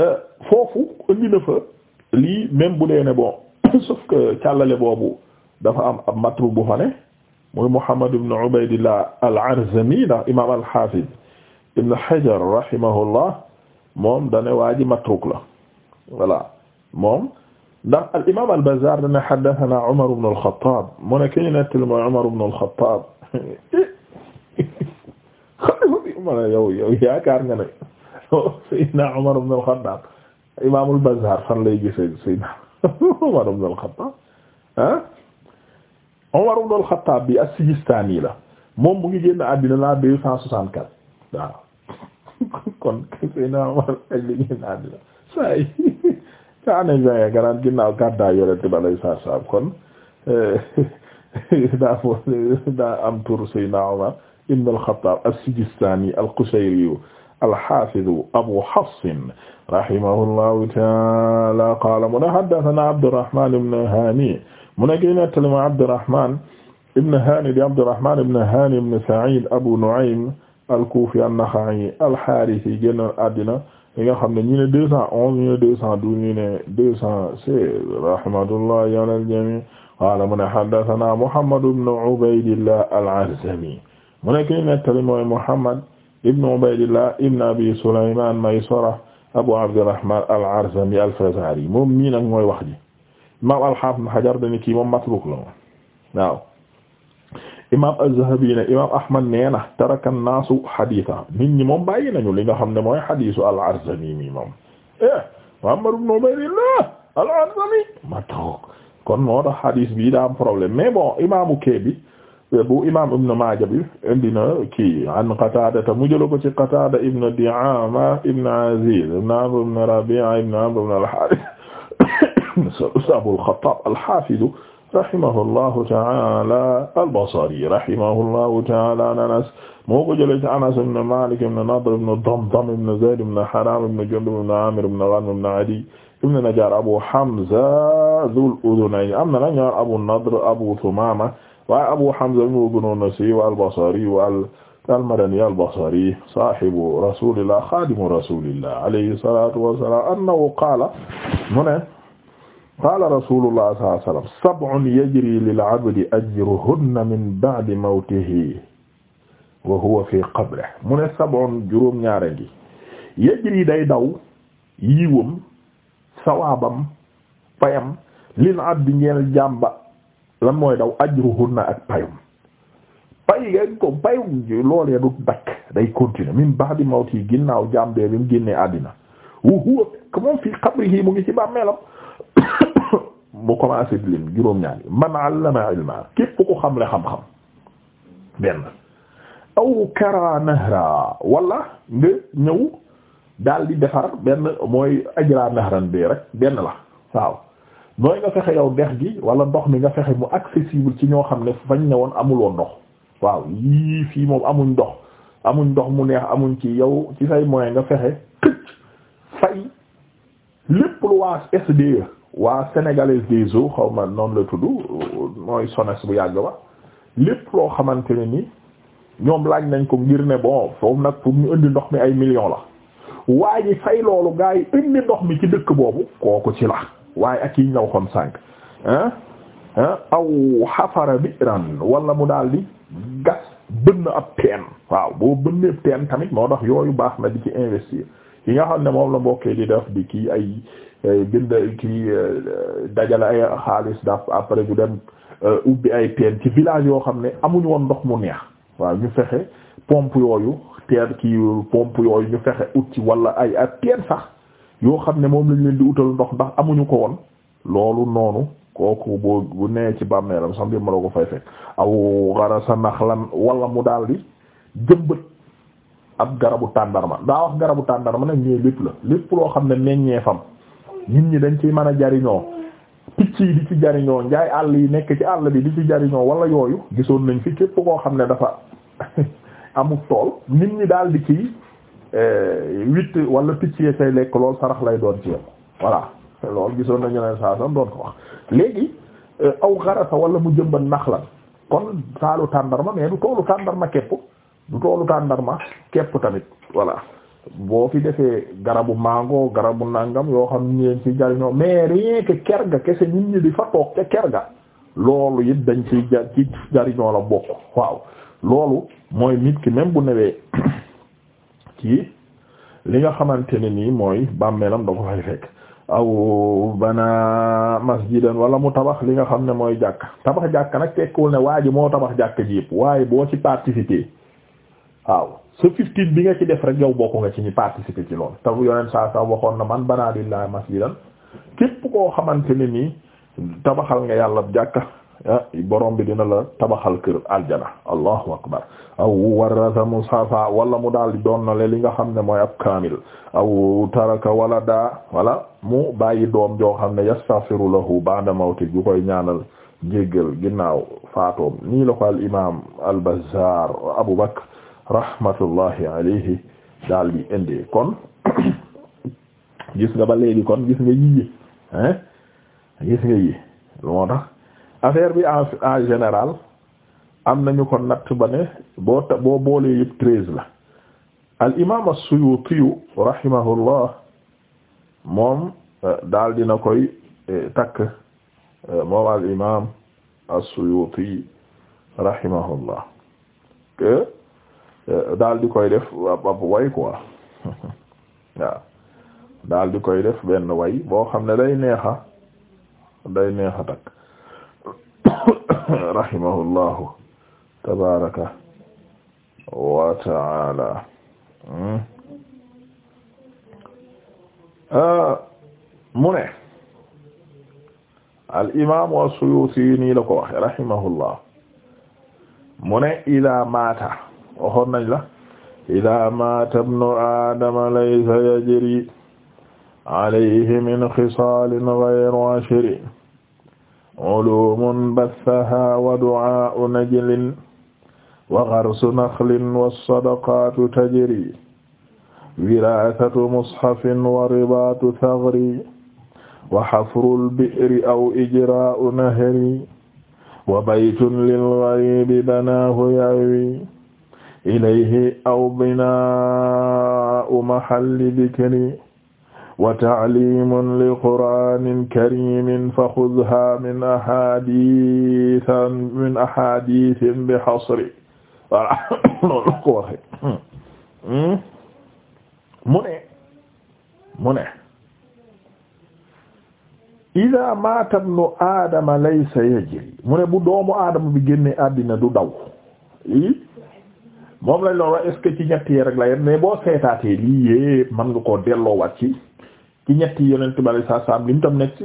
Euh, foofu indi lii même bu dee ne bon sauf boobu dafa am ab matru bu fa ne muy Muhammad ibn Ubaydillah al-Arzami ndax imaam al-Hafiz ibn Hajar rahimahullah moom dane waa ji matruk moom ndax al imaam al-Bazzar dane haddathana Umar ibn al-Khattab mu ne ki ñu mooy Umar ibn al-Khattab yow yow yaakaar nga ne Seydina Umar ibn al-Khattab Imaamul Bazzaar fan lay gisee Seydina Umar ibn al-Khattab ah Umar ibn al-Khattab bi as-Sijistaani la moom mu ngi génn àddina la deux cent soixante quatre waaw kon Seydina Umar ak li génn saa yi ca année vingt garant ginnaaw gàddaay yorente ba lay saar saab kon eh, daa daa am tur Seydina Umar ibn al sijistaani al-Qushayri alxafidu abu hafsin rahimahullahu taala qaala mu ne haddathana abdurrahman ibn hani mu ne ki nettali ma abdurrahman ibn hani di abdurrahman ibn hani ibn sa'id abu nu'aym al-kufi an-nakha'i al-harisi génn àddina li nga xam ne ñu ne deux cent onze ñu ne deux cent douze ñu ne deux cent seize rahmatullahi ala al-jami' qaala mu ne haddathana muhammad ibn ubaydillah al-arzami mu ne ki nettali mooy muhammad ibn Ubaydillah ibn Abi Sulaymaan Maysara Abu Abdirrahmaan al-Arzami al-Fazari moom mii nag mooy wax ji imaam al-Haafiz Ibn Hajar dañu kii moom matruuk la moom waaw imaam zahabi ne imaam Ahmad nee na taraka naasu hadiisan nit ñi moom bàyyi nañu li nga xam ne mooy hadiisu al-Arzami mi moom eh Muhammad ibn Ubaydillah al-Arzami matruuk kon moo tax bii daa am problème mais bon imaamu bu imam ibn Maaja bi indi na kii an Qataada ta mu jël ko ci Qataada ibn Di'aama ibn Aziz ibn Amr ibn Rabi'a ibn Amr ibn al-Haarith Abul Khattaab al-Haafiz rahimahullahu ta'ala al-Basri rahimahullahu ta'ala an Anas moo ko jëlee ci Anas ibn Maalik ibn Nadr ibn Damdam ibn Zayd ibn Haraam ibn Jundub ibn Aamir ibn Ghanm ibn Adiy ibn Najjaar Abu Hamza Dhul Udhunayn am na nag ñaar Abu Nadr Abu Thumaama waaye Abu Hamza moo gënoon a siiw al-Basri al-Madani al-Basri saahibu rasulillah xaadimu rasulillah alayhi salaatu wa salaam annahu qaala mu ne qaala rasulullah sallallahu alayhi wa sallam sab'un yajri lil-'abdi ajruhunna min ba'di mawtihi wa huwa fi qabrihi mu ne sab'un juróom-ñaar gi yajri day daw yiwam sawaabam payam lil-'abdi ñeel jàmba lan mooy daw ajruhunna ak payum pay ngeen payum lool ya du dakk day continuer min ba'di mawti ginnaaw jaam bee bi mu génnee àddina wu huwa fekk moom fii qabrihi mu ngi ci bàmmeelam mu commencé di juróom-ñaar yi man allama ilma képp ko xam le xam-xam benn aw nga ñëw daal di defar benn mooy ajra nahran bi rek benn la waaw mooy nga fexe yow dex gi wala ndox mi nga fexe mu accessible ci ñoo xam ne fañ ne woon amuloon ndox waaw yii fii moom amuñ ndox amuñ ndox mu neex amuñ ci yow ci say moyen nga fexe xëcc fay lépp lu waa SDE waa sénégalaise des eaux xaw ma noonu la tudd mooy SONES bu yàgg ba lépp loo xamante ne ni ñoom laaj nañ ko ngir ne bon foofu nag pour ñu indi ndox mi ay million la waa ji fay loolu gaa indi ndox mi ci dëkk boobu kooku ci la waaye ak yiñ la waxoon sànq ah aw xafara bi'ran wala mu daal di gas bënn ab teen waaw boo bënnee teen tamit moo tax yooyu baax na di ci investir yi nga xam ne moom la mbokkee di def di kii ay bind kii euh, dajale ay xaalis daf après bu dem euh, ubbi ay teen ci village yoo xam ne amuñu woon ndox mu neex waaw ñu fexe pompe yooyu teer kii pompe yooyu ñu fexe ut ci walla ay ab teen sax yoo xam ne moom lañ leen di utal ndox ndax amuñu ko woon loolu noonu kooku boo bu nee ci bàmmeelam sax mbir ma la ko fay fekk aw garasa naxlan wala mu daal di jëmbat ab garabu tàndarma daa wax garabu tàndarma nag ñooy lépp la lépp loo xam ne meññeefam nit ñi dañ ciy mën a jariñoo picc yi di ci jariñoo njaay àll yi nekk ci àll bi di ci jariñoo wala yooyu gisoon nañ fi képp koo xam ne dafa amul tool nit ñi daal di Euh, huit wala picc yee say lekk lool sarax lay doon ci yow voilà loolu gisoon nañu ne saa doon ko wax léegi euh, aw garasa wala mu jëmba nax la kon saalu tàndarma mais du toolu tàndarma képp du toolu tàndarma képp tamit voilà boo fi defee garabu màngo garabu nangam yoo xam ñeen ci jariñoo mais di fa toog ca ker ga loolu it dañ ci jar ci jariñoo la bokk waaw loolu mooy nit ki même bu newee ci li nga xamante ne nii mooy bàmmeelam da ko fay fekk aw bana masjidan wala mu tabax li nga xam ne mooy jàkk tabax jàkk nag tekkiwul ne waa ji moo tabax jàkk ji yëpp waaye boo ci participer waaw sa fifteen bi nga ci def rek yow bokk nga ci ñi participer ci lool taw yoneen saa saa waxoon na man banaa lillahi masjidan képp koo xamante ne nii tabaxal nga yàlla jàkka Ah, borom bi dina la tabaxal kër aljana allahu akbar aw warasa mushafa wala mu daal di le li nga xam ne mooy ab kaamil aw taraka wala daa wala mu bàyyi doom joo xam ne yastaghfiru lahu ba'da mawti yu koy ñaanal njéggal ginnaaw faatoom nii la al imam al bazzar abu bakr rahmatullahi alayhi daal di indi kon gis nga ba léegi kon gis nga yii hein gis nga yii lu moo tax affaire bi en en général am nañu ko natt ba ne boo ta boo la al imaam as-Suyuti rahimahullah moom euh, daal dina koy euh, takk euh, moom al imaam as-Suyuti rahimahullah que di koy def ab way quoi di koy def benn way boo xam ne day neexa day neexa takk rahimahullahu tabaraka wa taala hmm? ah, mu ne al imaamu as-Suyuuti nii la ko waxe rahimahullah mu ne idaa maata waxoon nañ la idaa maata ibnu aadama laysa yajri alayhi min xisaalin ghayru ashri ulumun bassaha wa du'aa'u najlin wa gharsu nakhlin wassadaqaatu tajri wiraasatu mushafin wa ribaatu thagri wa hafrul bi'ri aw ijraa'u nahri wa baytun lilghariibi banaahu ya'wi ilayhi aw binaa'u mahalli dhikri wa ta'limun li qur'aanin kariimin faxudhaa min ahaadiithin min ahaadiithin bi hasri hmm? mu ne mu ne idaa maata ibnu aadama laysa yajri mu ne bu doomu aadama bi génne àddina du daw lii moom lañ loolu est-ce ci ñetti rek la yem mais boo seetaatee lii yépp mën nga koo delloowaat ci ci ñetti yonent bi alayhi salaam lim tam nekk ci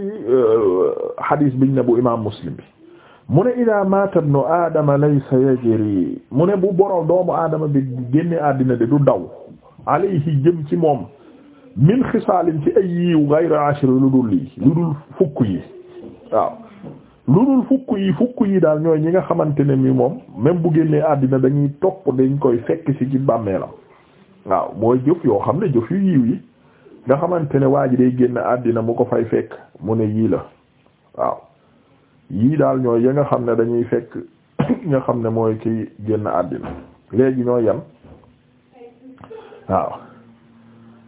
hadis euh, biñ ne bu imaam muslim bi mu ne idaa maata ibnu aadama laysa yajri mu ne bu borom doomu aadama bi génne àddina de du daw alayhi jëm ci moom min xisaalin ci ay yiw gayra ashri lu dul yi lu dul fukk yi waaw lu dul fukk yi fukk yi daal ñooy ñi nga xamante ne mi moom même bu génnee àddina dañuy topp dañ koy fekk ci ci bàmmeelam waaw mooy jëf yoo xam ne jëf yu yiw yi nga xamante ne waa ji day génn àddina mu ko fay fekk mu ne yii la waaw yii daal ñooy ya nga xam ne dañuy fekk nga xam ne mooy ki génn àddina léegi ñooy yan waaw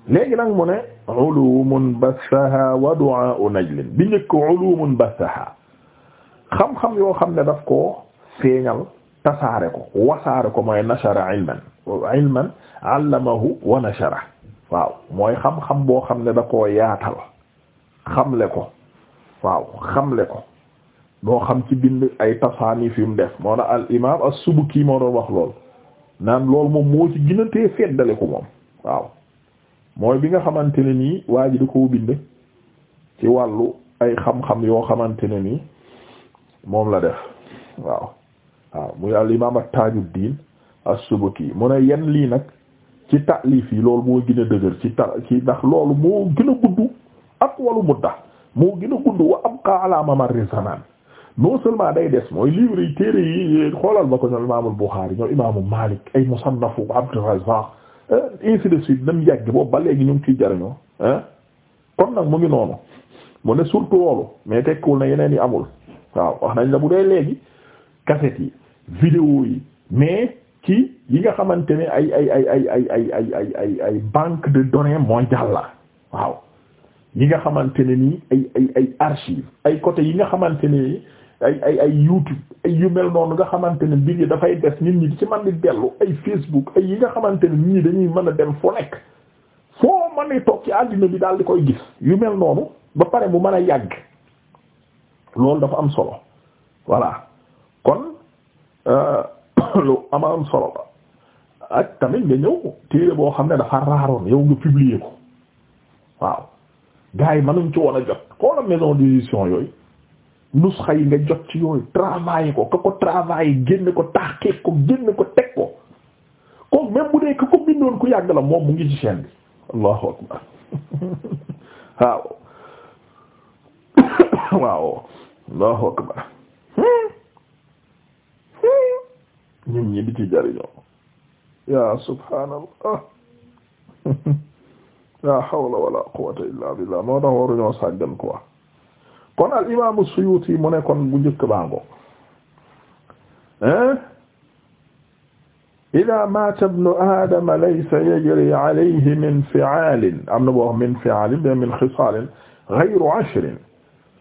léegi nag mu ne ulumun bassaha wa du'a'u najlin bi njëkk ulumun bassaha xam-xam yoo xam ne daf ko feeñal tasaare ko wasaare ko mooy nashara ilman ilman allamahu wa nashara waaw mooy xam-xam boo xam ne da koo yaatal xamle ko waaw xamle ko boo xam ci bind ay tasaanif yu mu def moo na al imaam as moo doon wax lool naan loolu moom moo ci gën feddale ko moom waaw mooy bi nga xamante ne nii waa ji da koo bind ci wàllu ay xam-xam yoo xamante ne nii moom la def waaw waaw muy al imaam at-Tajuddin as-Subki mu ne yenn lii nag ci taalif yi loolu moo gën a dëgër ci ta ci ndax loolu moo gën a gudd ak walu mudda moo gën a gudd wa am qa ala mamarri zaman non seulement day des mooy livre yi téere yi xoolal ba ko ñoom imaamul Buxaari ñoom imaamu Maalik ay musannafu Abdur Razzaq eh, ainsi de suite nam yàgg boobu ba léegi ñu ngi ciy jariñoo ah kon nag mu ngi noonu mu ne surtout loolu mais tekkiwul na yeneen yi amul waaw wax nañ la bu dee léegi cassette yi vidéo yi mais ci yi nga xamante ne ay ay ay ay ay ay ay ay ay ay banque de données mondiale la waaw yi nga xamante ne nii ay ay ay archive ay côté yi nga xamante ne ay ay ay YouTube ay yu mel noonu nga xamante ne mbir yi dafay des nit ñi di ci man di dellu ay Facebook ay yi nga xamante ne nit dañuy mën a dem fu nekk foo mën a toog ci àddina bi daal di koy gis yu mel noonu ba pare mu mën a yàgg loolu dafa am solo voilà kon. lu am solo la ak tamit nga ñëw téere boo xam ne dafa raaroon yow nga publier ko waaw gars yi mënuñ ci woon a jot xoola maison d'édition yooyu nusxa yi nga jot ci yooyu travailler ko ka ko génn ko taxqiq ko génn ko teg ko ko même bu dee ka bindoon ku yàgg la moom mu ngi ci chaîne allahu akbar waaw waaw allahu akbar ñun ñi di ci jariñoo ya subhaanallah ah. la hawla wala quwwata illa billah moo tax waruñoo sàggan quoi kon al imaamu Suyuti mu ne kon bu njëkk baango ida mata ibnu aadama laysa yajri alayhi min fiaalin am na boo wax min fiaalin ba min xisaalin gayru ashrin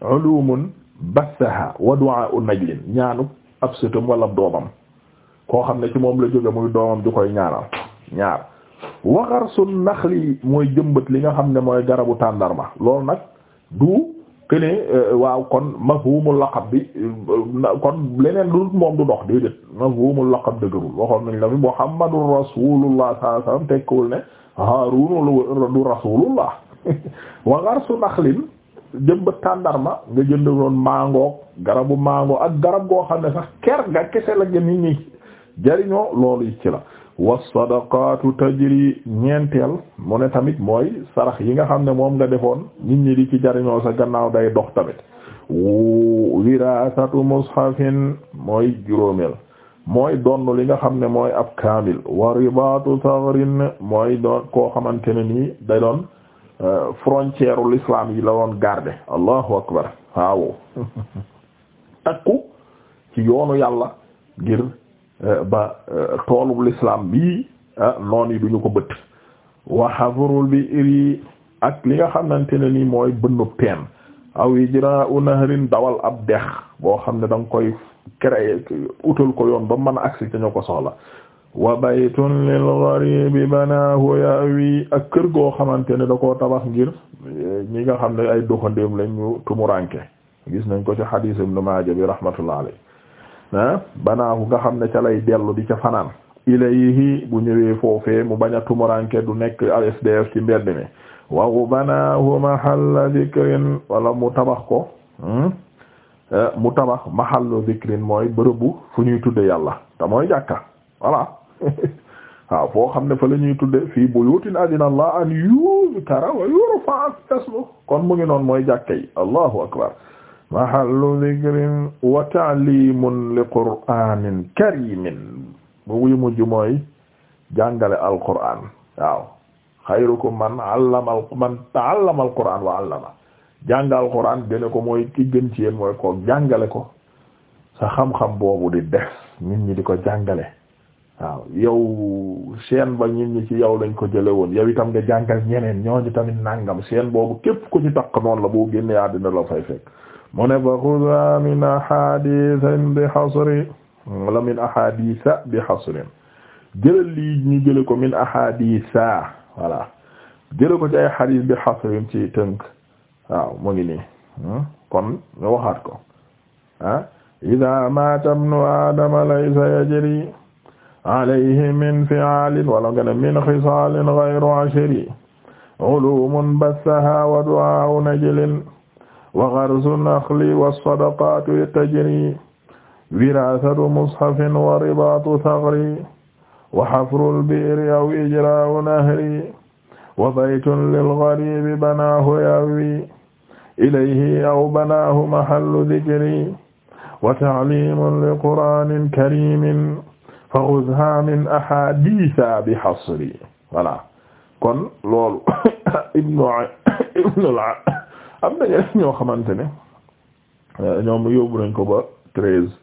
ulumun bassaha wa du'aa'u najlin ñaanu ab sëtam wala doomam koo xam ne ci moom la jóge muy doomam du koy ñaanal ñaar waxar su nax li mooy jëmbat li nga xam ne mooy garabu tàndarma loolu nag du këne euh, waaw kon mafhumul laqab bi euh, kon leneen lu moom du dox déedéet mafhumul laqab dëgërul waxoon nañ la mi muhammadu rasulullah sallallahu alayhi wasallam tekkiwul ne haarunu rasulullah waxar su nax lin tàndarma nga jënd loon mangoog garabu mango ak garab goo xam ne sax ker ga kese la gën nit ñi jariñoo loolu ci la wassadaqatu tajri ñeenteel mu ne tamit mooy sarax yi nga xam ne moom nga defoon nit ñi di ci jariñoo sa gannaaw day dox tamit wirasatu mushafin mooy juróomeel mooy donn li nga xam ne mooy ab kaamil wa ribaatu mooy doon koo xamante ne nii day doon euh, frontière u yi la doon garder allahu akbar takku ci yoonu yàlla ngir Euh, ba euh, toolub l'islam bii ah, noon yi du ko bëtt waxafarul bi iri ak li nga xamante ne nii mooy bënnub teen aw ijra'u nahrin dawal ab dex boo xam ne da koy créer utal ko yoon ba mën a agsi ca ñoo ko soxla wa baytun lil gharibi banaahu ya'wi ak kër goo xamante ne da ko tabax ngir eh, ñi nga xam ne ay doxandéem lañ ñu tumuranke gis nañ ko ci hadith ibn Majah bi rahmatullah alayh ah banaahu nga xam ne ca lay dellu di ca fanaan ilayhi bu ñëwee foofee mu bañ a tumuranke du nekk asdf ci mbedd mi wawu banaahu mahalla dhikrin wala mu tabax ko hmm? eh, mu tabax mahallu dhikrin mooy bërëbu fu ñuy tudde yàlla te mooy jàkka voilà waaw foo xam ne fa la ñuy tudde fii buyutin adina allah an yuzkara wa yurfa asmu kon mu ngi noon mooy jàkka yi allahu akbar mahallu dhikrin wa ta'limun li qur'anin karimin bu wuy mujj mooy jàngale alqur'an waaw xayrukum man allama man ta'allama alqur'an wa 'allama jàng alqur'an gëne ko mooy ki gën ci yéen mooy ko jàngale ko sa xam-xam boobu di def nit ñi di ko jàngale waaw yow seen ba nit ñi ci yow lañ ko jële woon yow itam nga jàngal ñeneen ñooñu tamit nàngam seen boobu képp ku ci takk noonu la boo génnee àddina la fay fekk mu ne fa xuda min ahadisin bi hasri wala min ahadisa bi hasrin jëlal lii ñu jële ko min ahadisa voilà jële ko ci ay hadis bi hasrin ci tënk waaw mu ngi nii hmm? kon ñu waxaat ko ah ida mata ibnu aadama laysa yajri alayhi min fi'alin wala nga ne min xisalin ghayru ashri ulumun bassaha wa du'a'u najlin wa gharzu nakhli was-sadaqatu tajri wirasatu mushafin wa ribatu thagri wa hafrul bi'ri aw ijra'u nahri wa baytun lil gharibi banaahu ya'wi ilayhi aw banaahu mahallu dhikri wa ta'limun li qur'anin karimin faxudha min ahaditha bi hasri voilà kon loolu ibnu ibnu am na ñoo xamante ne euh, ñoom yóbbu nañ ko ba treize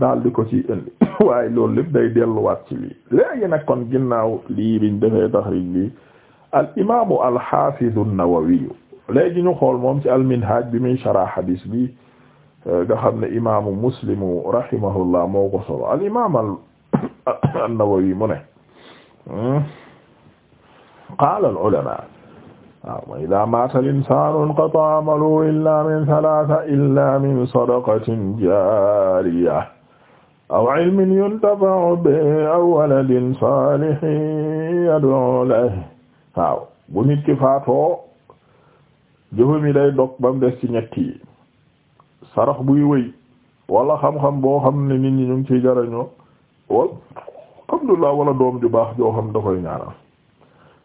daal di ko ci indi waaye loolu lépp day delluwaat ci lii léegi nag kon ginnaaw lii biñ defee taxrij bi al imaamu al xaafidu an-Nawawi léegi ñu xool moom ci al minhaj bi muy shara hadis bi euh, nga xam ne imaamu muslimu rahimahullah moo ko al imaam al nawawi mu ne hmm, qaala al ulamaa waaw idaa maata al-insaanu inqata'a amaluhu illaa min salaasa illaa min sadaqatin jaariya aw ilmin yuntafa'u bihi aw waladin saalihin yad'uu lahu waaw bu nit ki faatoo jëfam yi day dog ba mu des ci ñett yi wala xam-xam boo xam ne nit ñi ñu ngi ciy jarañoo wal alhamdulillah wala doom ju baax joo xam da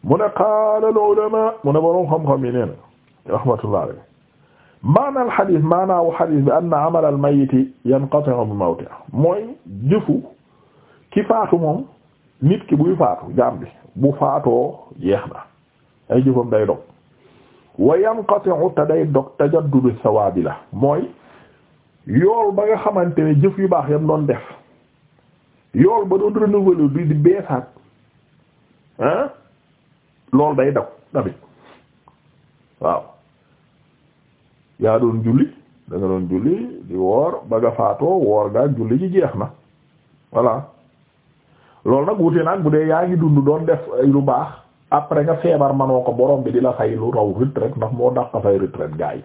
mu ne qaala al-ulamaa mu ne borom xam-xam yi nee na rahmatullah alayhi maanaam maanaa wu xadis bi anna amal al-mayyiti yanqati'u bi mawti mooy jëfu ki faatu moom nit ki buy faatu jaam bi bu faatoo jeex na ay jëfam day dog wa yanqati'u te day dog tajaddudu sawaabi la mooy yool ba nga xamante ne jëf yu baax yam doon def yool ba doon renouveler di beesaat ah. loolu day daw tamit waaw yaa doon julli da nga doon julli di woor ba nga faatoo woor gaa julli ji jeex na voilà lool nag wute nag bu dee yaa ngi dund doon def lu baax après nga feebar manoo ko borom bi di la fay lu raw retraite ndax moo daq fay retraite gaa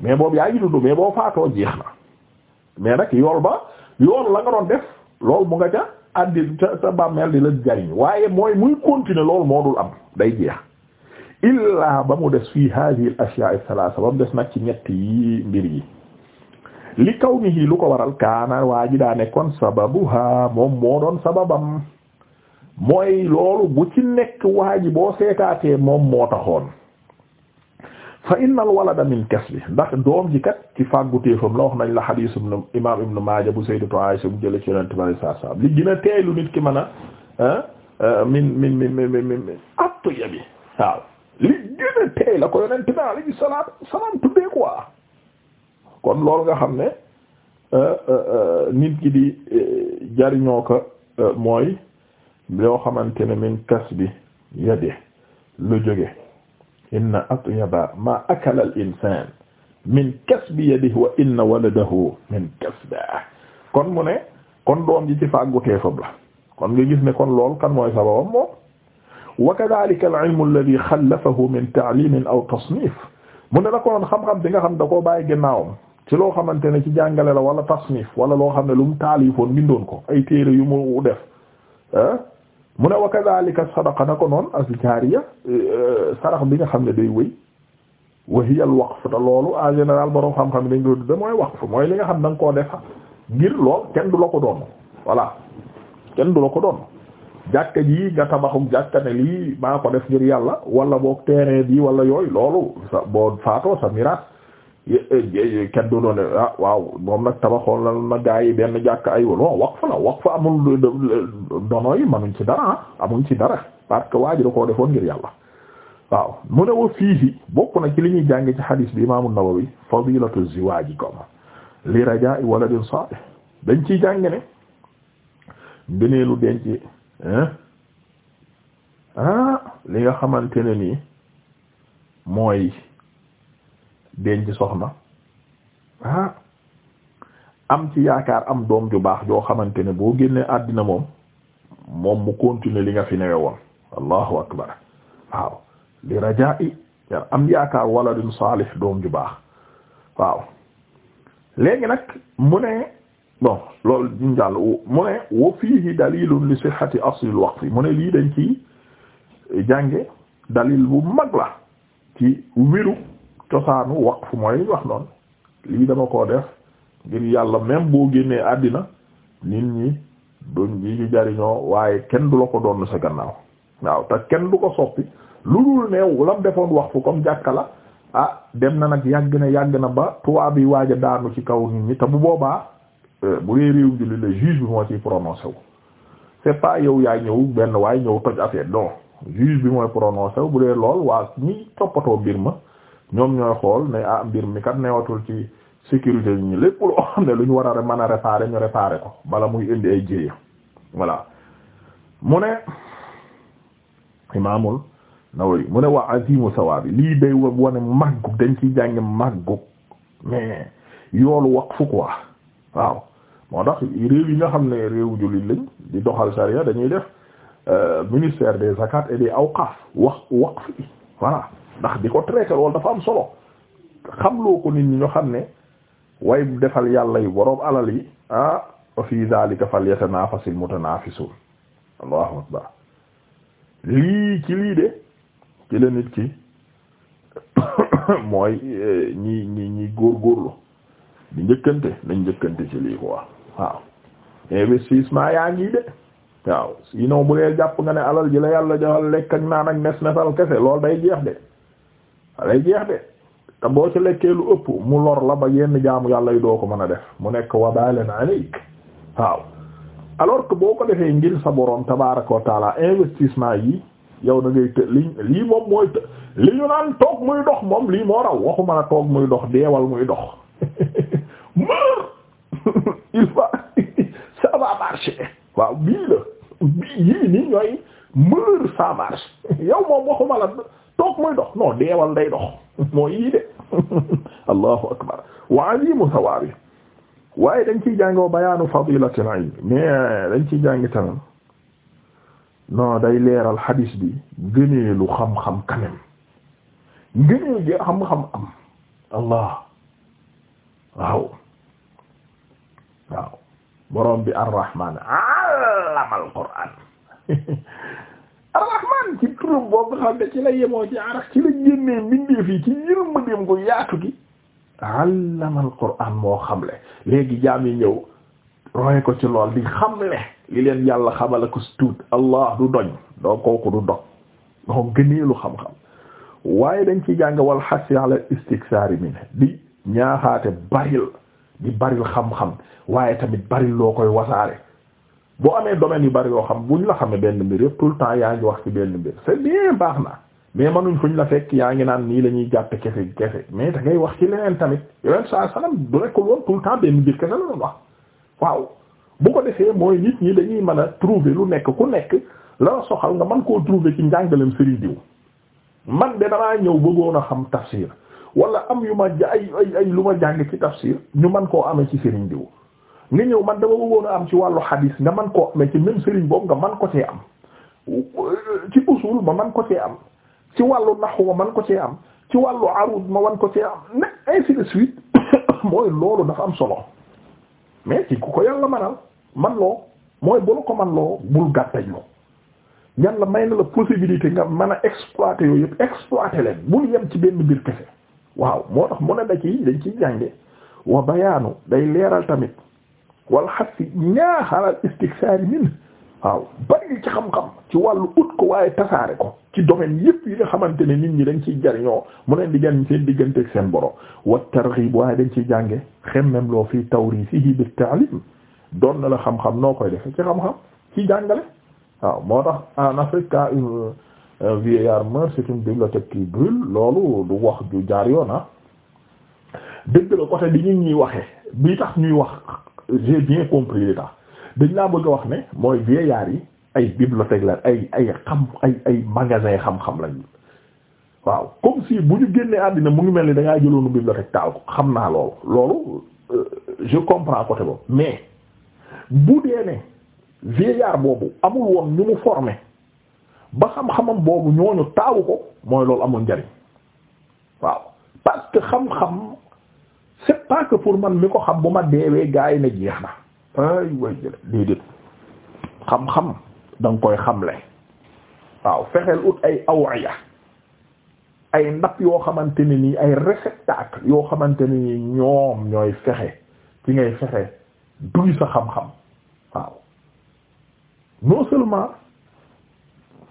mais boobu yaa ngi dund mais boo faatoo jeex na mais nag yool ba yool la nga doon def lool mu nga ca àddil sa sa bàmmeel di la waaye mooy muy continuer loolu moo am day jeex illaa ba mu des fii hadhihi al ashya' al thalatha ba des nag ci ñett yi mbir yi li kawnihi lu ko waral kaana waa ji daa nekkoon sababuha moom moo doon sababam mooy loolu bu nekk waa ji boo moom moo taxoon fa innal walada min kasbi ndax doom ji kat ci fàgguteefam la wax nañ la xadiis ibnu imaam ibnu Maaja bu sayyidatu Aysa bu jële ci yonent bari saa saa li lu nit ki mën a ah, ah, min min min li gën a teey la ko yonent bi alayhi salaatu salaam tuddee quoi kon loolu nga xam ne ah, nit ki di eh, jariñoo ko eh, mooy loo xamante ne min kasbi yade lu jóge inna atyaba ma akala al insan min kasbi yadihi wa inna waladahu min kasbihi kon mu ne kon doom ji ci fàgguteefam la kon nga gis ne kon lool kan mooy sababam moom wa kadhalika al ilmu alladhi xallafahu min ta'limin aw tasnif mu ne la ko noon xam-xam bi nga xam da koo bàyyi gannaawam ci loo xamante ne ci jàngale la wala tasnif wala loo xam ne lu mu taalifoon doon ko ay téere yu mu def ah, mu ne wa kadhalika sadaqa na ko noon as jaariya sarax bi nga xam ne day wëy wa hiya al waqf te loolu en général borom xam-xam dañ ko tudde mooy waqf mooy li nga xam da nga koo def ngir lool kenn du la ko doon voilà kenn du la ko doon jàkka ji nga tabaxum jàkka ne lii maa ko def ngir yàlla walla boog terrain bii wala yooyu loolu sa boo faatoo sa miraas Eh, kenn du doon ah waaw moom nag tabaxoon la na gaa yi benn jàkk ay non waqf la waqf amul dono yi manuñ ci dara ah, amuñ ci dara parce que waa ji da defoon ngir yàlla waaw mu ne wa fiihi bokk na ci li ñuy jànge ci xadiis bi imaamu Nawawi fadilatu ziwaaji ko ma li rajaa'i waladin saalih dañ ciy jàng ne ngëneelu denc ah li nga xamante ne nii mooy denc soxna ah am ci yaakaar am doom ju baax joo xamante ne boo génnee àddina moom moom mu continuer li nga fi newe woon allahu akbar waaw li rajaa'i am yaakaar waladun salih doom ju baax waaw léegi nag mu ne bon loolu ñu jàll mu ne wa fiihi dalilun li sihhati aslil waqfi mu ne lii dañ ci jànge dalil bu mag la ci wiru cosaanu waqf mooy wax noonu lii dama koo def ngir yàlla même boo génnee àddina nit ñi doon ñu jariñoo waaye kenn du la ko doon sa gannaaw waaw te kenn du ko soppi lu dul neew lam defoon waqf comme jàkka la ah, dem na nag yàgg na yàgg na ba tubaab bi waaj a ci kaw nit bu boobaa euh, bu dee réew julli le juge bi moo ciy prononcé yow yaa ñëw benn waaye ñëw toj affaire non juge bi mooy prononcé bu dee lool waa ñi toppatoo mbir ma ñoom ñooy xool ne ah mbir mi kat newatul ci sécurité yi ñu lépp loo xam ne lu ñu war a mën a réparer ñu réparer ko bala muy indi ay jéeya voilà mu ne imaamul yi mu ne waa azimu sawaabi lii day wane màggug dañ ci jànge màggug mais yoolu waqfu quoi waaw moo tax réew yi nga xam ne réewu jullit lañ di doxal sariya dañuy def euh, ministère des zakat et des awqaf wax waqf voilà ndax di ko traité loolu dafa am solo xamloo ko nit ñu xam ne way defal yàlla yu boroom alal yi ah fii daalika fal yatanaafasil mutanaafisun allahu akbar lii ci lii de ci la nit ki mooy ñii eh, ñi góor góorgóorlu di njëkkante nañ njëkkante ci lii quoi waaw investissement yaa ngi de waaw sinon bu dee jàpp nga ne alal ji la yàlla joxal lekk ak naan ak nes nesal kese loolu day jeex de lay jeex de te boo ci lekkee lu ëpp mu lor la ba yenn jaamu yàlla yi doo ko mën a def mu nekk wabalan alayk waaw alors que boo ko defee ngir sa borom tabaaraka wa taala investissement yi yow da ngay të li lii moom mooy të li ñu naan toog muy dox moom lii moo raw waxu mën a toog muy dox deewal muy dox mër il va ça va marcher waaw bii la yii nii ñooy meur ça marche yow moom waxuma la toog muy dox non deewal day dox moo yii de allahu akbar wa alimu thawabi waaye dañ ciy jàngoo bayaanu fadilatil ilm mais euh, dañ ciy jàng tamit non day leeral hadis bi lu xam-xam kanam ngëneel gi xam-xam am allah waaw borom bi ar-rahman allama al-qur'an arrahman ci turam boobu xam ne ci la yemoo ci ci la génnee mbindeef yi ci yërmandeem gu yaatu gi allamal qur'an moo xamle léegi jaam yi ñëw roye ko ci lool di xamle li leen yàlla xamal ko si tuut allah du doñ doo kooku du dog doo gëneelu xam-xam waaye dañ ciy jàng wal xasi ala istiksaari min di ñaaxaate baril di baril xam-xam waaye tamit baril loo koy wasaare boo amee domaine yu bari yoo xam buñ la xamee benn mbir yëpp tout le temps yaa ngi wax ci benn mbir c'est bien baax naa mais manuñ fuñ la fekk yaa ngi naan nii la ñuy jàppe kese kese mais dangay wax ci leneen tamit yeneen saa sanam du nekkul woon tout le temps benn mbir kese la wax waaw bu ko defee mooy nit ñi dañuy mën a trouver lu nekk ku nekk la soxal nga man koo trouver ci njàngalem sëriñ diw man de damaa ñëw bëggoon a xam tafsir wala am yu ma ay ay lu ma jàng ci tafsir ñu mën koo amee ci sëriñ diw nga ñëw man dama bëggoon a am ci wàllu hadis nga man ko mais ci même sëriñ boobu nga man ko cee am ci usul ma man ko cee am ci wàllu naxu ma man ko cee am ci wàllu arud ma wan ko cee am de suite mooy loolu dafa am solo mais ci ku ko yàlla manal man loo mooy bu la ko man loo bul gàttañlu yàlla may na la possibilité nga mën a exploiter yooyu yëpp exploiter leen bul yem ci benn mbir kese waaw moo tax mu ne da ci dañ ciy jànge wa bayaanu day leeral tamit wal xasi ñaaxalal istiksaari min waaw bari ci xam-xam ci wàllu ut ko waaye tasaare ko ci domaine yëpp yi nga xamante ne nit ñi dañ ciy jariñoo mu leen di jariñ seen digganteeg seen boro wa targhib waaye dañ ciy jànge xemmem loo fii tawrisihi bi ta'lim doon na la xam-xam noo koy defe ci xam-xam ci jàngale waaw moo tax en Afrique quand un vieillard meurt c'est une bibliothèque qui loolu du wax ju jaar yoon ah dëgg la côté bi ñu ñuy waxee bi tax ñuy wax j'ai bien compris li tax dañ laa bëgg a wax ne mooy vieillard yi ay bibliothèque la ay ay xam ay ay magasin xam-xam lañu waaw comme si bu ñu génnee àddina mu ngi mel ni da ngaa jëloonu bibliothèque taal ko xam naa loolu loolu euh, je comprends côté boobu mais bu dee ne vieillard boobu amul woon ñu mu formé ba xam-xamam boobu ñooñu taawu ko mooy loolu amul njariñ waaw parce xam-xam pas que pour man mi ko xam bu ma deewee gaa yi ne jeex na ay way jële déedéet xam-xam da koy xamle waaw fexeel ut ay awaya ay ndab yoo xamante ne nii ay réceptacle yoo xamante ne nii ñoom ñooy fexe ci ngay fexe duy sa xam-xam waaw non seulement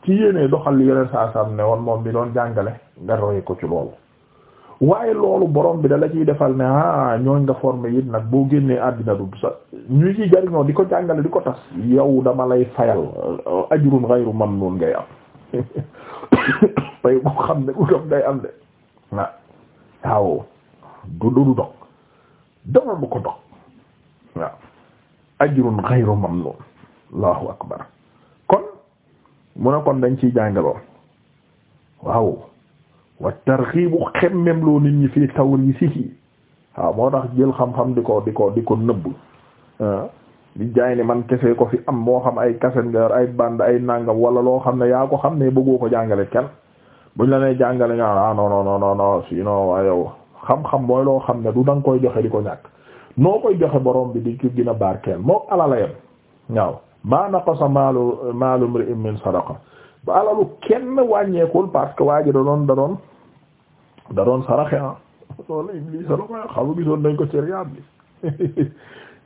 ci yéenee doxal li yeneen saa sam ne woon moom bi doon jàngale nga roye ko ci loolu waaye loolu borom bi da la ciy defal ne ah ñooñ nga formé it nag boo génnee àddina du sa ñu ciy jariñoo di ko jàngale di ko tas yow dama lay fayal ajrun ghayru mamnun ngay am pay boo xam ne utam day ah, kon mu ne kon dañ ciy jàngaloo waaw wa tarxiibu xemmem loo nit ñi fii tawriisihi waaw moo tax jël xam-xam di ko di ko di ko nëbb ah. di jaay ne man kese ko fi am moo xam ay kaset nga yor ay band ay nàngam wala loo xam ne yaa ko xam ne bëggoo ko jàngale kenn buñ la nee jàngale nga ah non non non non sinon waa yow xam-xam mooy loo xam ne du danga koy joxe di ko ñàkk noo koy joxe boroom bi di ko gën a barkeel moo alala yam waaw maa naqasa maalu maalu mri'in min sadaqa ba alalu kenn wàññeekul parce waa ji da doon da doon saraxe ah loolu Iblis la ko xam nga gisoon nañ ko ci Riyad bi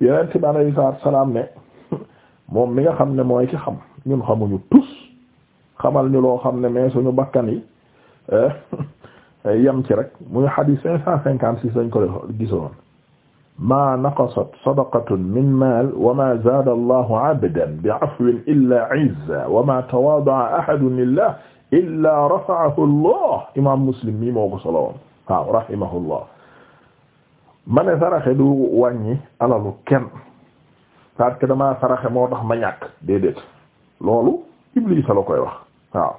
yeneen ci bànnay saa salaam ne moom mi nga xam ne mooy ki xam ñun xamuñu tus xamal ñu loo xam ne mais suñu bakkan yi eh, yem ci rek muy hadith cinq cent cinquante six lañ ko gisoon ma naqasat sadaqatun min mal wa ma zaada allahu abdan bi afwin illa izza wa ma tawaada'a ahadun lillah illaa rafa'ahu Allah imaam Muslim mi moo ko solo woon waaw rahimahullah ma ne saraxe du wàññi alalu kenn parce que damaa saraxe moo tax ma ñàkk déedéet loolu Iblis a la koy wax waaw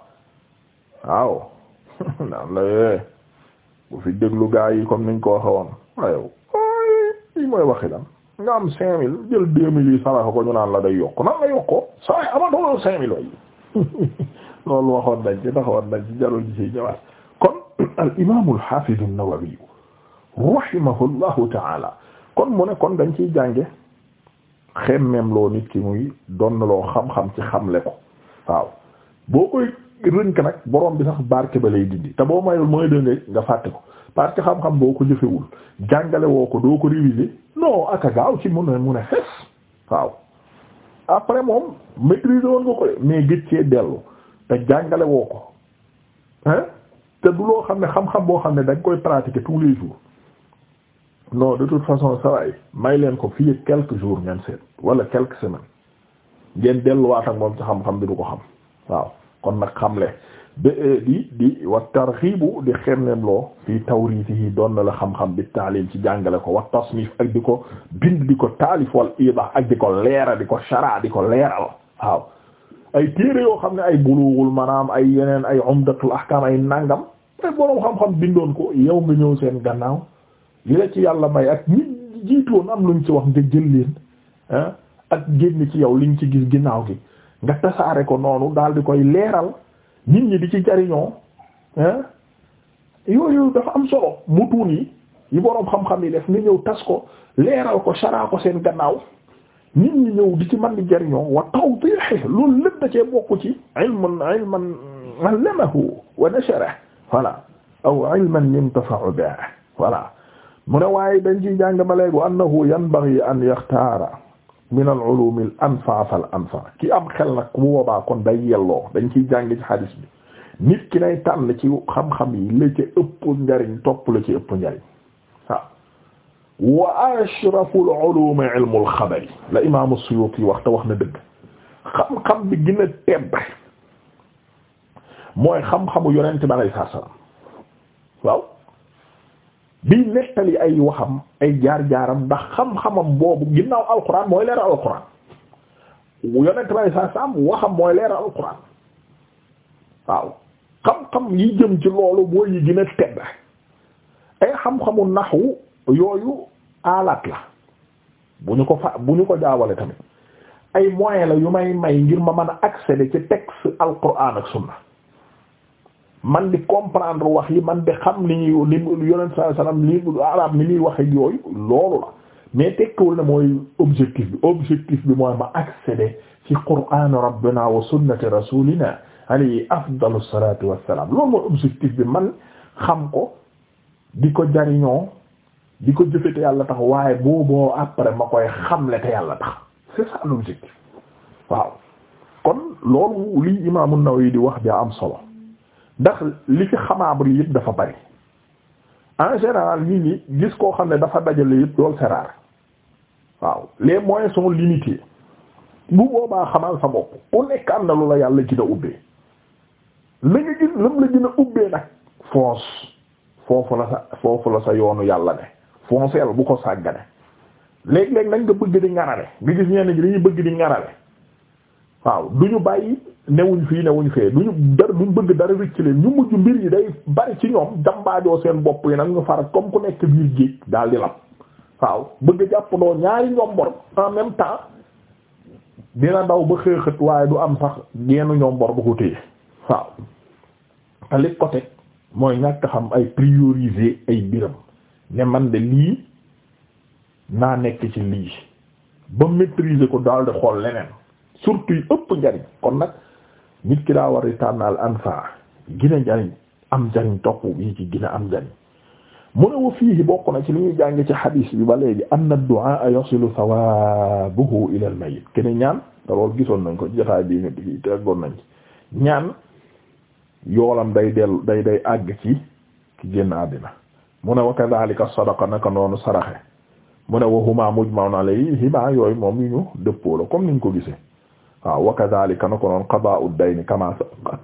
waaw naan la yee eh, bu fi déglu gaa yi comme niñ ko waxe woon waaye lii mooy waxi lan nga am cinq mille jël deux mille saraxe ko ñu naan la day yokk nan la yokkoo saraxe amatoo cinq mille way loolu waxoon dañ ci taxawoon nañ ci jarul ci ñëwaat kon al imaam al haafiz an-Nawawi rahimahullahu taala kon mu ne kon dañ ciy jànge xemmeem loo nit ki muy doon loo xam-xam ci xamle ko waaw boo koy rënk nag borom bi sax barke ba lay dindi te boo mayul mooy dënga nga fàtte ko parce que xam-xam boo ko jëfewul jàngalewoo ko doo ko réviser non aka gaaw ci mun a mu ne xes waaw après moom maîtriser woon nga ko mais gëj dellu te jàngale woo ko hein te du loo xam ne xam-xam boo xam ne dañ koy pratiquer tous les jours non de toute façon sawaay may leen ko fii quelques jours ngeen seet wala quelques semaines ngeen delluwaat moom ci xam-xam bi du ko xam waaw kon nag xam le eh, di di wa tarxibu di xemnem loo fii tawriisi yi doon na la xam-xam bi taalim ci jàngale ko wa tasnif ak di ko bind di ko taalif wal idah ak di ko leera di ko shara di ko leeral waaw ay téere yoo xam ne ay bulughul manaam ay yeneen ay umdatul ahkam ay nàngam ay boroom xam-xam bindoon ko yow nga ñëw seen gannaaw li la ci yàlla may ak ñi jiitoon am luñ ci wax nga jël leen ah, ak génn ci yow liñ ci gis ginnaaw gi nga tasaare ko noonu daal di koy leeral nit ñi di ci jariñoo ah yooyu dafa am solo mutuun yi yi boroom xam-xam yi def nga ñëw tas ko leeral ko saraa ko seen gannaaw nit ñi ñëw di ci man di jariñoo wa tawdiih loolu lépp da cee bokk ci ilmun ilman allamahu wa nashara voilà aw ilman yuntafa'u bihi voilà mu ne waaye dañ ciy jàng ba léegi annahu yanbaghi an yaxtaara min al-ulum al-anfa fal-anfa ki am xel nag bu boobaa kon day yelloo dañ ciy jàng ci hadis bi nit ki nay tànn ci xam-xam yi la ci ëpp njariñ top la ci ëpp njariñ wa ashraful ulum ilmul xabari la imaamu Suyuti wax te wax na dëgg xam-xam bi gën a tedd mooy xam-xamu yonent bi alayhi salaam waaw biy nettali ay waxam ay jaar-jaaram ndax xam-xamam boobu ginnaaw alquran mooy leeral alquran yonent bi alayhi salaam waxam mooy leeral alquran waaw xam-xam yi jëm ci loolu mooy yi gën a tedd ay xam-xamu naxwu yooyu alaat la bu ñu ko fa bu ñu ko daawale tamit ay moyen la yu may may ngir ma man a accéder ci texte alquran ak sunna man di comprendre wax yi man di xam li ñuy li wax ak yooyu loolu la mais tekkiwul ne mooy objectif bi objectif bi mooy ma accéder ci qur'an rabbina wa sunnati rasulina alayhi afdalu salatu wassalam loolu mooy objectif bi man xam ko di ko jariñoo di ko jëfe te yàlla tax waaye booboo après ma koy xamle te yàlla tax c'est ça l'objectif waaw kon loolu li imaam an-Nawawi di wax daa am solo ndax li fi xamaabri yëpp dafa bari en général nit gis koo xam ne dafa dajale yëpp loolu c'est waaw les moyens sont limités bu boobaa xamal sa bopp ku nekk am na lu la yàlla gën a ubbee la nga gis lam la gën ubbee nag foos foofu la sa foofu la sa yoonu yàlla ne foncel bu ko sàggane léeg-léeg nag nga bëgg di ngarale nga gis ñenn ñi dañuy bëgg di ngarale waaw du ñu bàyyi newuñ fii newuñ fee du ñu dara duñ bëgg dara rëcc leen ñu mujj mbir yi day bari ci ñoom jambaajoo seen bopp yi nag ñu faral comme ku nekk biir géej daal di lap waaw bëgg jàpp doo ñaari ñombor en même temps dina daw ba xëexët waaye du am sax geenu ñombor bu ko téye waaw ali côté mooy ñàkk xam ay prioriser ay biram ne man de lii naa nekk ci lii ba maîtriser ko daal di xool leneen surtout yi ëpp njariñ kon nag nit ki daa war a tànnal anfa gina njariñ am njariñ topp yi ci gina am njariñ mu ne wa fiihi bokk na ci li ñuy jàng ci xadiis bi ba léegi anna du'a yasilu thawabuhu ila al mayit kene ñaan te lool gisoon nañ ko ci jotaay bii ñu teggoon nañ ñaan yoolam day dellu day day àgg ci ki génn àddina mu ne wa kadhalika sadaqa naka noonu saraxe mu ne wa huma mujma'un yooyu moom yu ñu dëppoo la comme niñ ko gisee waaw wa kadhalika naka noonu qada'ud dayni kama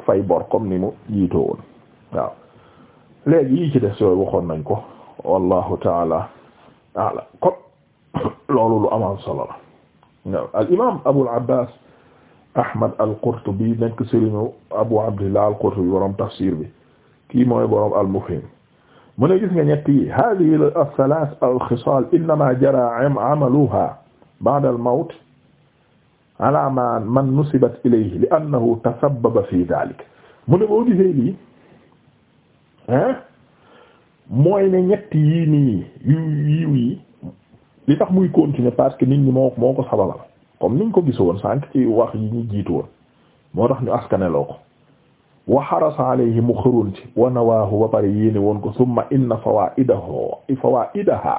fay bor comme ni mu yiitoo woon waaw léegi yi ci des yooyu waxoon nañ ko wallahu taala ala kon loolu lu amaan solo la waaw al imam abul abbas ahmad al qurtubi nekk sëriñu abu abdillah al qurtubi borom tafsir bi kii mooy borom al mufhim mu ne gis nga ñett yi hadihi l athalath al xisal innama jara amaluha ba'da al mawt ala ma man nusibat ilayhi li annahu tasabbaba fi dhalik mu ne boo gisee lii mooy ne ñett yii nii yu yiw yi li tax muy continuer parce que nit moo moo ko sabalal comme niñ ko gisoon sànq ci wax yi ñu jiitu woon moo tax ñu askaneloo ko wa harasa alayhi mu xëroon ci wa nawaahu ba pare yéene woon ko summa inna fawaidahu fawaidaha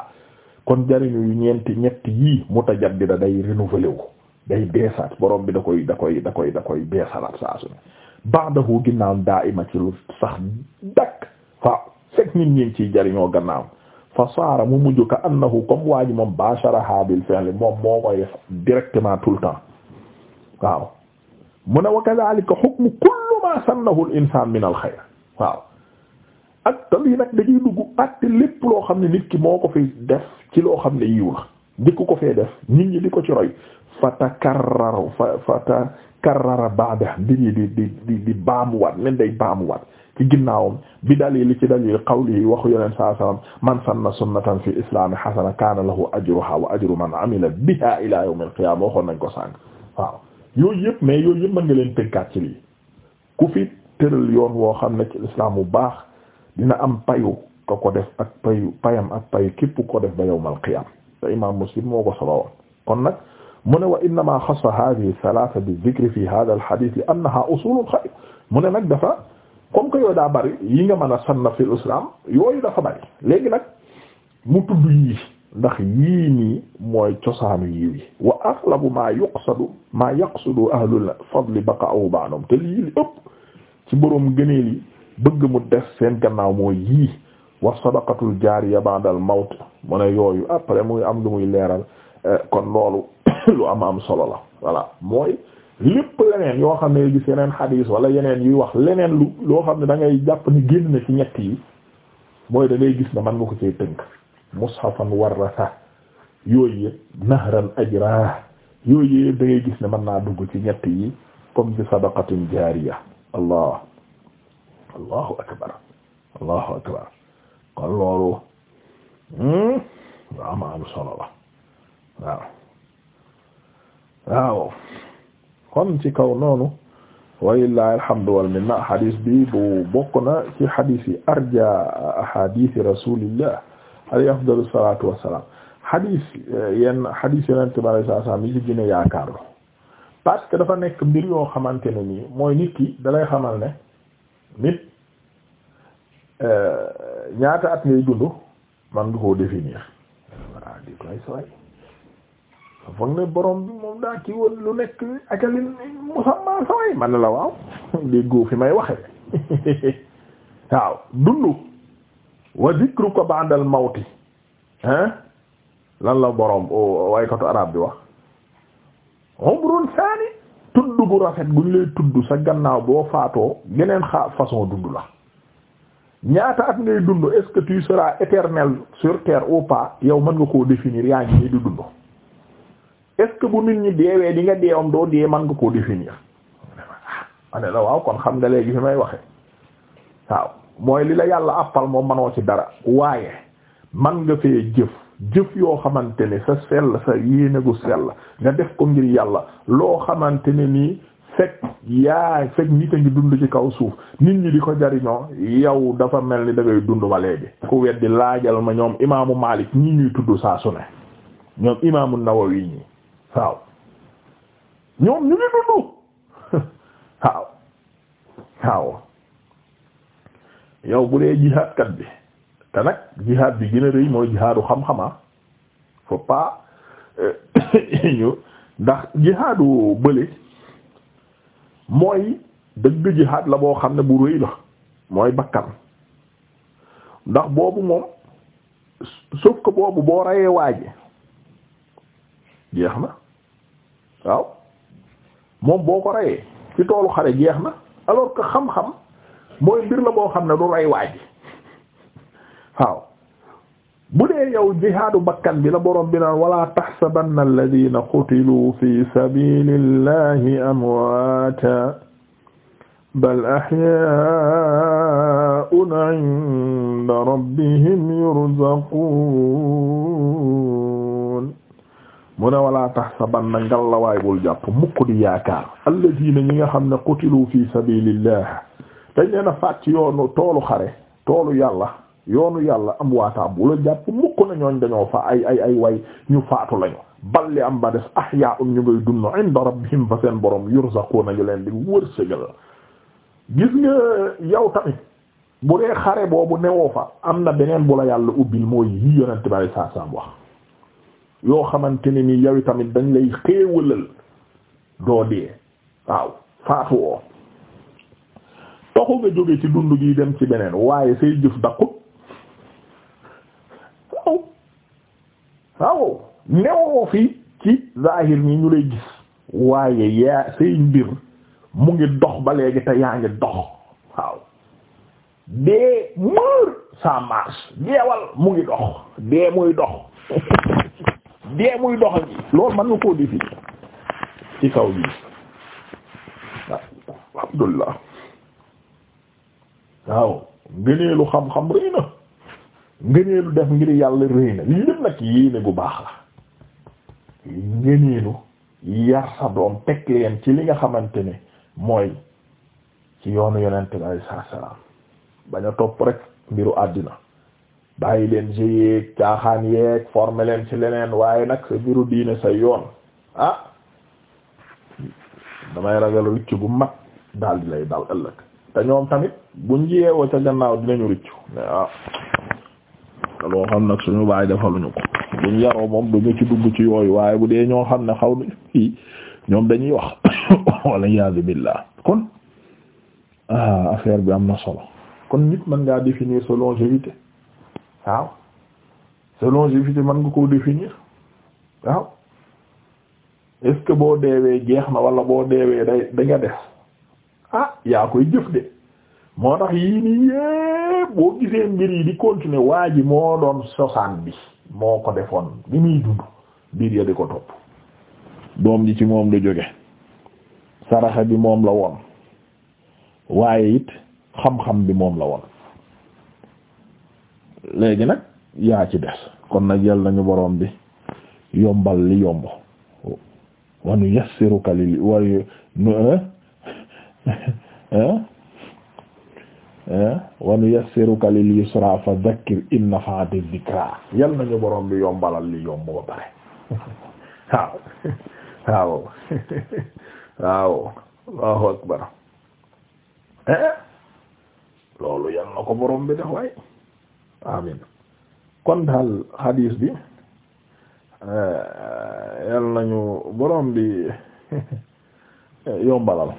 kon jariñu ñeenti ñetti yii mutajaddida day renouveler wu day beesaat borom bi da koy da koy da koy da koy beesalaat saa su ne ba'dahu ginnaaw ci lu sax dakk fa fekk nit ñi ciy jariñoo gannaaw fa saara mu mujj ka annahu comme waa ji moom basharaha bil fi'l moom moo koy directement tout le waaw mu ne wa kadhalika hukmu kull ma sannahu al insaan min al xayr waaw ak te lii nag dañuy dugg àtte lépp loo xam ne nit ki moo ko fi def ci loo xam ne yiw la dikk ko fee def nit ñi di ko ci roy fatakarraru fa fatakarrara baada mbir yi di di di di baamuwaat nen day baamuwaat ci ginnaawam bi dalili ci dalil qawli yi waxu yonent saa sallam man sanna sunnatan fi islami hasana kaana lahu ajruha wa ajru man amila biha ila yawm al qiyama waxoon nañ ko sànq waaw yooyu yëpp mais yooyu yëpp mën nga leen tënkaat ci lii ku fi tëral yoon woo xam ne ci lislaam bu baax dina am payu ka ko def ak payu payam ak payu képp ko def ba yawmal qiyaam te imaam muslim moo ko solo kon nag mu ne wa innama xassa hadihi salaasa bi zikri fi hada al hadith li annaha usulul mu ne nag dafa comme que yooyu daa bari nga mën a sanna fi l'islam yooyu dafa bari léegi nag mu tudd ndax yii nii mooy cosaanu yiw yi wa aghlabu maa yuqsadu maa yaqsudu ahlul fadli baqa'u ba'dum te lii li ëpp ci boroom gëneel yi bëgg mu des seen gannaaw mooy yii wa sadaqatul jaariya ba'dal mawt mu ne yooyu après muy am lu muy leeral eh, kon loolu lu am am solo la voilà mooy lépp leneen yoo xam ne gis yeneen xadiis wala yeneen yuy wax leneen lu loo xam ne dangay ngay jàpp ni génn na ci ñett yi mooy da gis ne man nga ko cee tënk mushafan warrasa yooyu yëpp nahran ajra yooyu yëpp da ngay gis ne mën naa dugg ci ñett yi comme bi sadaqatin jaariya allah allahu akbar allahu akbar kon loolu waaw hmm, ma am solo la waaw waaw kon ci kaw noonu walillahi alhamdu wal minna hadis bi bu bokk na ci hadis yi arja ahadith rasulillah alayhi afdalu salaatu wassalaam xadiis yenn xadiis yeneen tubaab yi saa saa mi ci parce que dafa nekk mbir yoo xamante ne nii mooy nit ki dalay xamal ne nit euh, ñaata at ngay dund man du koo définir voilà di koy sooy foog ne borom bi moom daa kii woon lu nekk akalin musamma sooy man la waaw déggoo fi may waxe waaw dund wa dhikruka ba'da al mawti hein lan la boroom oh, waykatu arab bi wax umrun saani tudd bu rafet gu ñu lay tudd sa gannaaw boo faatoo geneen xa façon dund la ñaata at ngay dund est-ce que tu éternel sur terre ou yow mën nga koo définir yaa ngi di dund est bu nit ñi deewee di deewam doo dee mën nga koo définir ah, la waaw kon xam nga léegi fi may waxe waaw mooy li la yàlla àppal moom manoo ci dara waaye man nga fee jëf jëf yoo xamante ni sa sell sa yéene gu sell nga def ko ngir yàlla loo xamante ne nii fekk yaay nit a ngi dund ci kaw suuf nit ñi di ko jariñoo yow dafa mel ni da ngay dund ba léegi ku weddi laajal ma ñoom imaamu Maalik ñii ñuy tudd saa su ne ñoom imaamu Nawawi ñi waaw ñoom ñu ngi dund waaw waaw yow bu dee jihaadkat bi te nag jihaad bi gën a rëy mooy jihaadu xam-xama ah, faut pas euh, ñu ndax jihaadu bële mooy dëgg jihaad la boo xam ne bu rëy la mooy bakkan ndax boobu moom sauf que boobu boo rayee waaje jeex na waaw moom boo ko rayee ci toolu xare jeex na alors que xam-xam mooy mbir la boo xam ne du rey waaj waaw bu dee yow jihaadu bakkan bi la borom bi naan wala tahsabanna alladhina qutilu fi sabilillahi amwaata bal ahyaa'un 'inda rabbihim yurzaquun mu ne walaa tahsabanna ngallawaay bul jàpp mukk di yaakaar alladhina ñi nga xam ne qutilu fi sabilillah dañ leen a faat ci yoonu toolu xare toolu yàlla yoonu yàlla am waataam bu la jàpp mukk na ñooñ dañoo fa ay ay ay way ñu faatu lañu balli am ba des ahyaa'un ñu ngay dund inda rabbihim fa seen borom yurzaquuna nañu leen di wërsëgal gis nga yow tamit bu dee xare boobu newoo fa am na beneen bu la yàlla ubbil mooy yi yonent bari saa saam wax yoo xamante ne ni yow tamit dañ lay xéewalal doo dee waaw faatu oo taxu nga jóge ci dund gi dem ci beneen waaye say jëf dakkut waaw waaw newoo fi ci zahir ñi ñu lay gis waaye yaa say mbir mu ngi dox ba léegi te yaa ngi dox waaw dee mër ça marche deewal mu ngi dox dee muy dox dee muy dox gi loolu mën nga koo defi ci kaw bi alhamdulillah waaw ngëneelu xam-xam rëy na ngëneelu def ngir yàlla rëy na lii lépp nag yéene gu baax la ngëneelu yar sa doom teg leen ci li nga xamante ne mooy ci yoonu yonente bi alayhi salaam bañ a topp rekk mbiru àddina bàyyi leen si yeeg caaxaan yeeg former leen ci leneen waaye nag sa mbiru diine sa yoon ah damay ragal ricc bu mag dal di lay dal ëllëg te ñoom tamit buñ yeewoo ca gannaaw dinañu rëccu waaw te xam nag suñu baay defaluñu ko buñ yaroo moom duñu ci dugg ci yooyu waaye bu dee ñoo xam ne xaw na ñoom dañuy wax walla iyaazu billaah kon ah affaire bi am na solo kon nit mën ngaa définir sa longévité waaw sa longévité mën nga koo définir waaw est que boo deewee geex na walla boo deewee day da def ah yaa koy jëf de moo tax yii nii yépp boo gisee mbir yi di continuer waa ji moo doon soxaan bi moo ko defoon bi muy dund biir ya di ko topp doom ji ci moom la jóge saraxa bi moom la woon waaye it xam-xam bi moom la woon léegi nag yaa ci des kon nag yal nañu boroom bi yombal li yomb wanu yassiruka lil wayu nu eh? wa nuyassiruka lil yusra fa dhakkir in nafa'ati dhikra yal nañu borom bi yombalal li yomb ba loolu yal na ko borom bi def waay amin kon daal hadis bi eh, yal nañu borom bi yombalal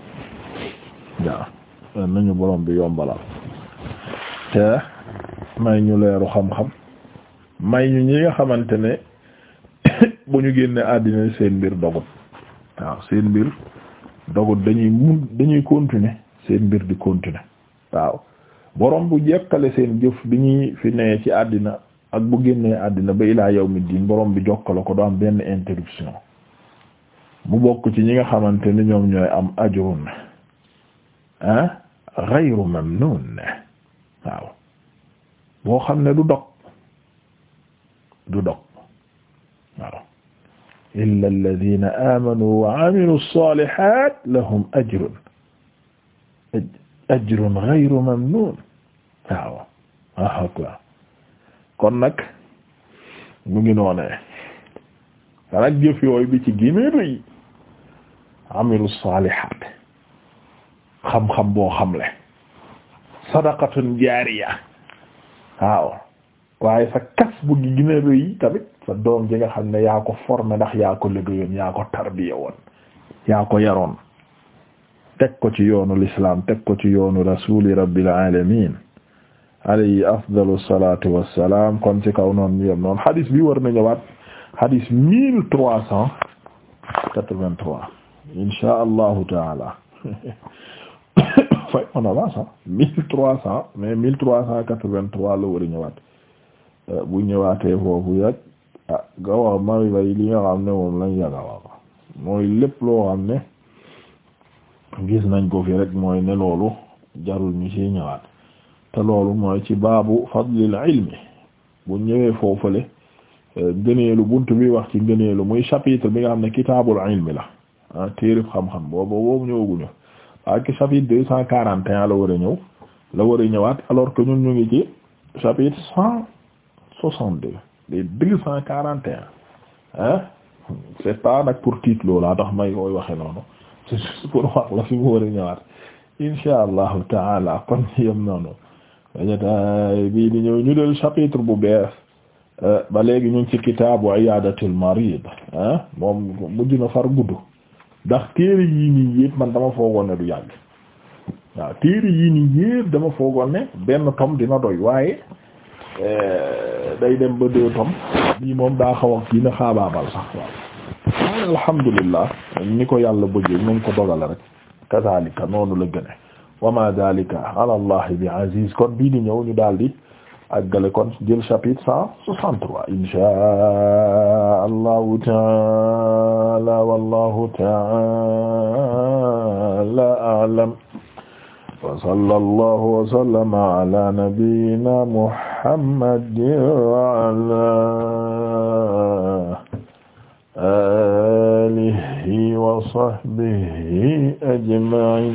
waaw nañu borom bi yombalal te may ñu leeru xam-xam may ñu ñi nga xamante ne bu ñu génne àddina seen mbir dogut waaw seen mbir dogut dañuy mun dañuy continuer seen mbir di continuer waaw borom bu jekkale seen jëf bi ñuy fi nee ci àddina ak bu génnee àddina ba ilaa mi diin borom bi jokkale ko du am benn interruption mu bokk ci ñi nga xamante ni ñoom ñooy am ajrun ghayru mamnun waaw boo xam ne du dog du dog waaw illa alladhina amanu wa amilu ssalihat lahum ajrun ajrun ghayru mamnun waaw waaw kon nag mu ngi noonee te nag jëf yooyu bi ci gëna rëy amilu salihat xam-xam boo xamle sadaqatun jaariya waaw waaye sa kas bu gi gën tamit sa doom ji xam ne yaa ko formé ndax yaa ko liggéeyoon yaa ko tarbiya woon yaa ko yaroon teg ko ci yoonu lislaam teg ko ci yoonu rasuli rabbil alamin alayhi afdalu salatu wassalam kon ci kaw noon ñu noon hadis bi war na ñëwaat hadis mille trois cent quatre-vingt-trois insha allahu taala fay on mille trois cent mais mille trois cent quatre-vingt-trois la war ñëwaat euh, bu ñëwaatee foofu yàgg ah nga wax may bay li nga xam ne moom lañ yàgg wax mooy lépp loo xam ne gis nañ ko fi rek mooy ne loolu jarul ñu ci ñëwaat te loolu mooy ci baabu fadlil ilmi bu ñëwee foofale euh, ngëneelu bunt bi wax ci ngëneelu muy chapitre bi nga xam ne kitaabul ilmi la ah téereb xam-xam boobu boobu ñëwaguñu ak chapitre deux cent quarante un la war a ñëw la war a ñëwaat alors que ñun ñu ngi ci chapitre cent soixante deux deux cent quarante un hein c'est pas nag pour titre loolaa tax may koy waxe noonu c'est juste pour wax la fi mu war a ñëwaat insha allahu taala kon yem noonu dañataay bii di ñëw ñu del chapitre bu bees euh, ba léegi ñu ngi ci kitaabu iyaadatil marid hein moom mujj na far gudd ndax téere yii nii yépp man dama foogoon ne du yàgg waaw téere yii nii yépp dama foogoon ne benn tom dina doy waaye eh, day dem ba deux tom bii moom daa xaw ak kii xaabaabal sax waaw alhamdulillah ni ko yàlla bëggee nu ko dogale rek kadhalika noonu la gëne wa ma dhalika ala bi aziz kon bii di ñëw ñu daldi àggale kon jël chapitre cent soixante-trois inshaa allahu taala wallahu taala a'lam wa sallallahu wa sallama ala nabiyyina muhammadin wa ala alihi wa sahbihi ajma'in